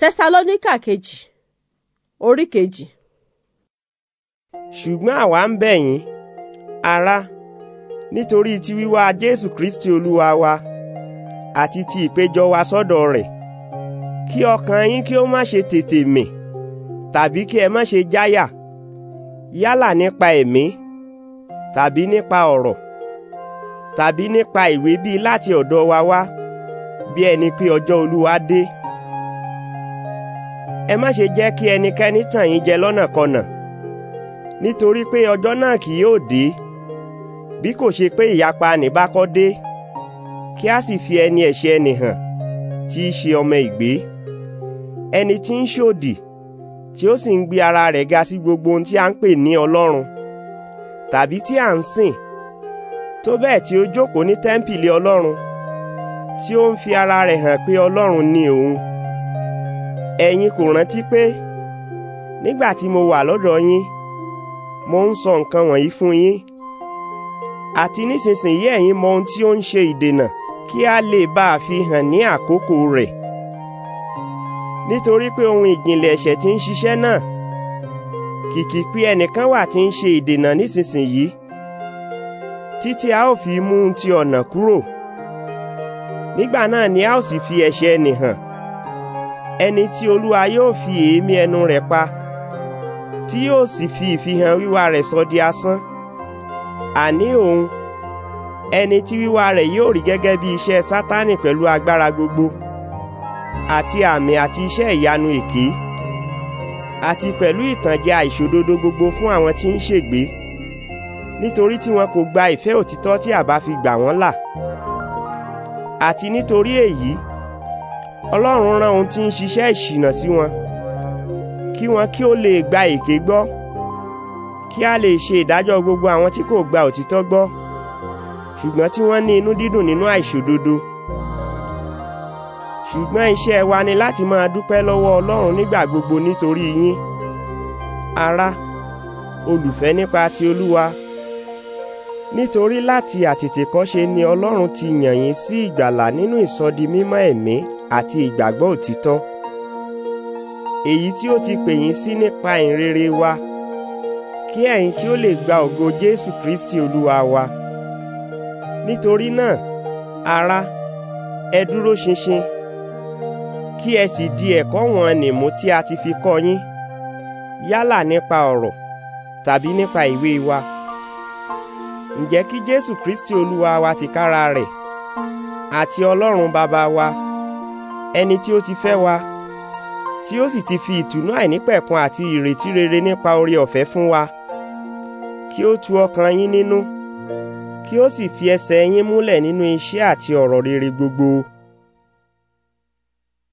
tẹsalóníkà kejì orí kejì. ṣùgbọ́n àwa ń bẹ̀ yín ará nítorí ti wíwá jésù kristi olúwa wa àti ti ìpéjọ wa sọ́dọ̀ rẹ̀ kí ọkàn yín kí ó má ṣe tètè mì tàbí kí ẹ má ṣe jáyà yálà nípa ẹ̀mí tàbí nípa ọ̀rọ̀ tàbí nípa ìwé bíi láti ọ̀dọ̀ wa wá bí ẹni pé ọjọ́ olúwa dé ẹ má ṣe jẹ́ kí ẹnikẹ́ni tàn yín jẹ lọ́nàkọnà nítorí pé ọjọ́ náà kì yóò dé bí kò ṣe pé ìyapa nì bá kọ́ dé kí a sì fi ẹni ẹ̀ṣẹ̀ ẹni hàn tí í ṣe ọmọ ìgbé ẹni tí ń ṣòdì tí ó sì ń gbé ara rẹ̀ ga sí gbogbo ohun tí a ń pè ní Ọlọ́run tàbí tí a ń sìn tó bẹ́ẹ̀ tí ó jókòó ní tẹ́ḿpìlì Ọlọ́run tí ó ń fi ara rẹ̀ hàn pé Ọlọ́run ni òun ẹ̀yin kò rántí pé nígbà tí mo wà lọ́dọ̀ yín mo ń sọ nǹkan wọ̀nyí fún yín àti nísinsìnyí ẹ̀yin mọ ohun tí ó ń ṣe ìdènà kí a lè bá a fi hàn ní àkókò rẹ̀ nítorí pé ohun ìjìnlẹ̀ ẹ̀ṣẹ̀ tí ń ṣiṣẹ́ náà kìkì pé ẹnìkan wà tí ń ṣe ìdènà nísinsìnyí títí a ó fi mú un ti ọ̀nà kúrò nígbà náà ni a ó sì fi ẹ̀ṣẹ̀ nì hàn ẹni tí olúwa yóò fi èémí ẹnu rẹ̀ pa tí yóò sì fi ìfihàn wíwá rẹ̀ sọ di asán àní òun ẹni tí wíwá rẹ̀ yóò rí gẹ́gẹ́ bí iṣẹ́ sátánì pẹ̀lú agbára gbogbo àti àmì àti iṣẹ́ ìyanu èké àti pẹ̀lú ìtànjẹ àìṣòdodo gbogbo fún àwọn tí ń ṣègbé nítorí tí wọn kò gba ìfẹ́ òtítọ́ tí a fi gbà wọ́n là àti nítorí èyí ọlọ́run rán ohun tí ń ṣiṣẹ́ ìṣìnà sí wọn kí wọn kí ó lè gba èké gbọ́ kí a lè ṣe ìdájọ́ gbogbo àwọn tí kò gba òtítọ́ gbọ́ ṣùgbọ́n tí wọ́n ní inú dídùn nínú àìṣòdodo ṣùgbọ́n iṣẹ́ wa ni láti máa dúpẹ́ lọ́wọ́ ọlọ́run nígbà gbogbo nítorí yín ará olùfẹ́ nípa ti olúwa nítorí láti àtètèkọ́ṣe ni ọlọ́run ti yàn yín sí ìgbàlà nínú ìsọdi mímọ́ ẹ̀mí àti ìgbàgbọ́ òtítọ́ èyí tí ó ti pè yín sí nípa ìrere wa kí ẹ̀yin kí ó lè gba ògo Jésù Kristi Olúwa wa nítorí náà ará ẹ dúró ṣinṣin kí ẹ sì di ẹ̀kọ́ wọn nìmú tí a ti fi kọ́ yín yálà nípa ọ̀rọ̀ tàbí nípa ìwé wa ǹjẹ́ kí Jésù Kristi Olúwa wa tìkára rẹ̀ àti Ọlọ́run bàbá wa ẹni tí ó ti fẹ́ wa tí ó sì ti fi ìtùnú àìnípẹ̀kun àti ìrètí rere nípa oore ọ̀fẹ́ fún wa kí ó tu ọkàn yín nínú kí ó sì fi ẹsẹ̀ yín múlẹ̀ nínú iṣẹ́ àti ọ̀rọ̀ rere gbogbo.